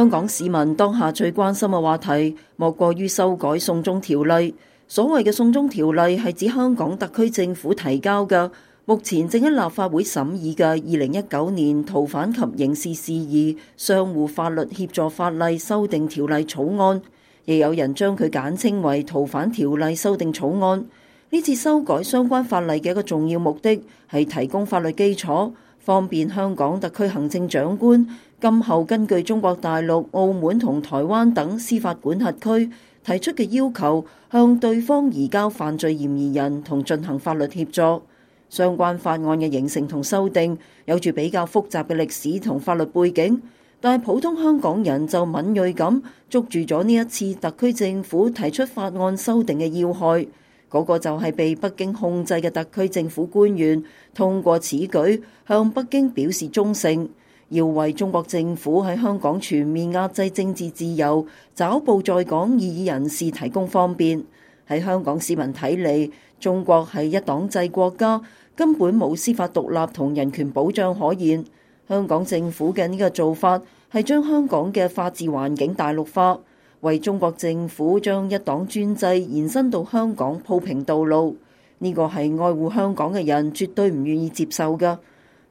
香港市民當下最關心嘅話題，莫過於修改送中條例。所謂嘅送中條例，係指香港特區政府提交嘅，目前正喺立法會審議嘅二零一九年逃犯及刑事事宜相互法律協助法例修訂條例草案，亦有人將佢簡稱為逃犯條例修訂草案。呢次修改相關法例嘅一個重要目的，係提供法律基礎，方便香港特區行政長官。今後根據中國大陸、澳門同台灣等司法管轄區提出嘅要求，向對方移交犯罪嫌疑人同進行法律協助，相關法案嘅形成同修訂有住比較複雜嘅歷史同法律背景，但係普通香港人就敏銳咁捉住咗呢一次特區政府提出法案修訂嘅要害，嗰個就係被北京控制嘅特區政府官員通過此舉向北京表示忠誠。要為中國政府喺香港全面壓制政治自由、抓捕在港異議人士提供方便，喺香港市民睇嚟，中國係一黨制國家，根本冇司法獨立同人權保障可言。香港政府嘅呢個做法係將香港嘅法治環境大陸化，為中國政府將一黨專制延伸到香港鋪平道路。呢、這個係愛護香港嘅人絕對唔願意接受噶。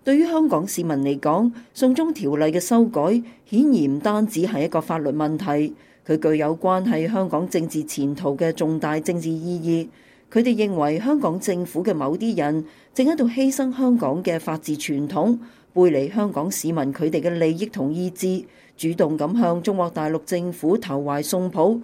對於香港市民嚟講，送中條例嘅修改顯然唔單止係一個法律問題，佢具有關係香港政治前途嘅重大政治意義。佢哋認為香港政府嘅某啲人正喺度犧牲香港嘅法治傳統，背離香港市民佢哋嘅利益同意志，主動咁向中國大陸政府投懷送抱。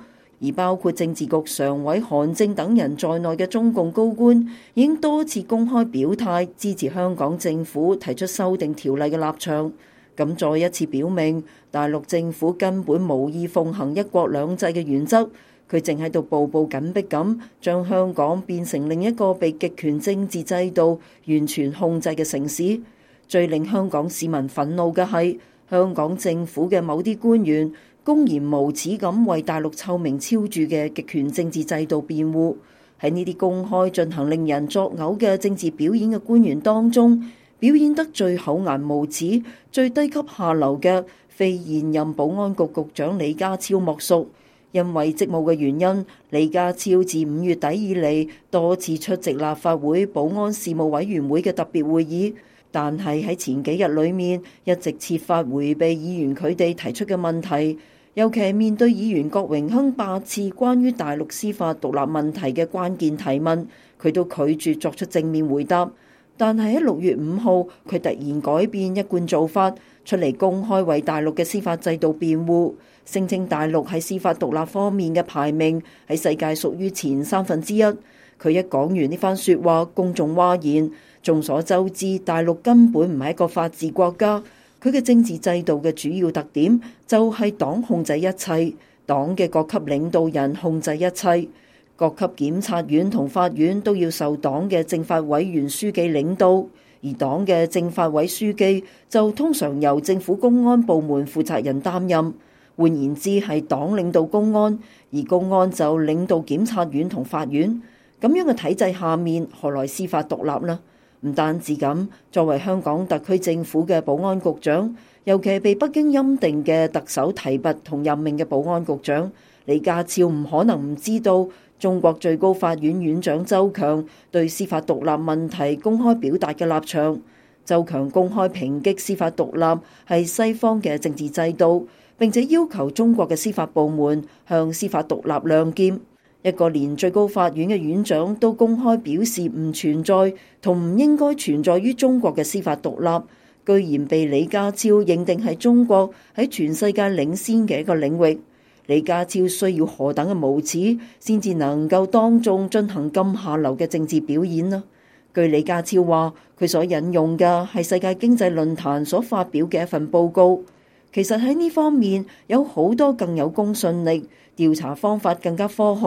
而包括政治局常委韓正等人在內嘅中共高官，已經多次公開表態支持香港政府提出修訂條例嘅立場，咁再一次表明，大陸政府根本無意奉行一國兩制嘅原則，佢正喺度步步緊逼咁，將香港變成另一個被極權政治制度完全控制嘅城市。最令香港市民憤怒嘅係，香港政府嘅某啲官員。公然無恥咁為大陸臭名昭著嘅極權政治制度辯護，喺呢啲公開進行令人作嘔嘅政治表演嘅官員當中，表演得最厚顏無恥、最低級下流嘅，非現任保安局局長李家超莫屬。因為職務嘅原因，李家超自五月底以嚟多次出席立法會保安事務委員會嘅特別會議，但係喺前幾日裡面一直設法迴避議員佢哋提出嘅問題。尤其面對議員郭榮鏗八次關於大陸司法獨立問題嘅關鍵提問，佢都拒絕作出正面回答。但係喺六月五號，佢突然改變一貫做法，出嚟公開為大陸嘅司法制度辯護，聲稱大陸喺司法獨立方面嘅排名喺世界屬於前三分之一。佢一講完呢番説話，公眾譁然。眾所周知，大陸根本唔係一個法治國家。佢嘅政治制度嘅主要特點就係黨控制一切，黨嘅各級領導人控制一切，各級檢察院同法院都要受黨嘅政法委員書記領導，而黨嘅政法委書記就通常由政府公安部門負責人擔任。換言之，係黨領導公安，而公安就領導檢察院同法院。咁樣嘅體制下面，何來司法獨立呢？唔單止咁，作為香港特區政府嘅保安局長，尤其被北京欽定嘅特首提拔同任命嘅保安局長李家超，唔可能唔知道中國最高法院院長周強對司法獨立問題公開表達嘅立場。周強公開抨擊司法獨立係西方嘅政治制度，並且要求中國嘅司法部門向司法獨立亮劍。一個連最高法院嘅院長都公開表示唔存在同唔應該存在於中國嘅司法獨立，居然被李家超認定係中國喺全世界領先嘅一個領域。李家超需要何等嘅無恥，先至能夠當眾進行咁下流嘅政治表演呢？據李家超話，佢所引用嘅係世界經濟論壇所發表嘅一份報告。其實喺呢方面有好多更有公信力、調查方法更加科學、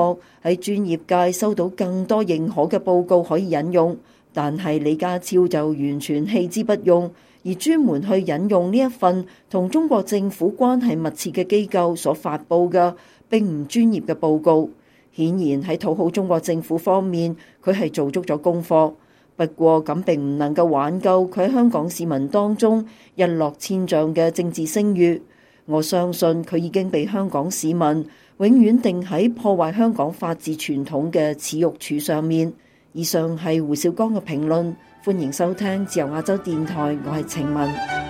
喺專業界收到更多認可嘅報告可以引用，但係李家超就完全棄之不用，而專門去引用呢一份同中國政府關係密切嘅機構所發布嘅並唔專業嘅報告，顯然喺討好中國政府方面，佢係做足咗功課。不過咁並唔能夠挽救佢喺香港市民當中日落千丈嘅政治聲譽。我相信佢已經被香港市民永遠定喺破壞香港法治傳統嘅恥辱柱上面。以上係胡少江嘅評論，歡迎收聽自由亞洲電台，我係晴文。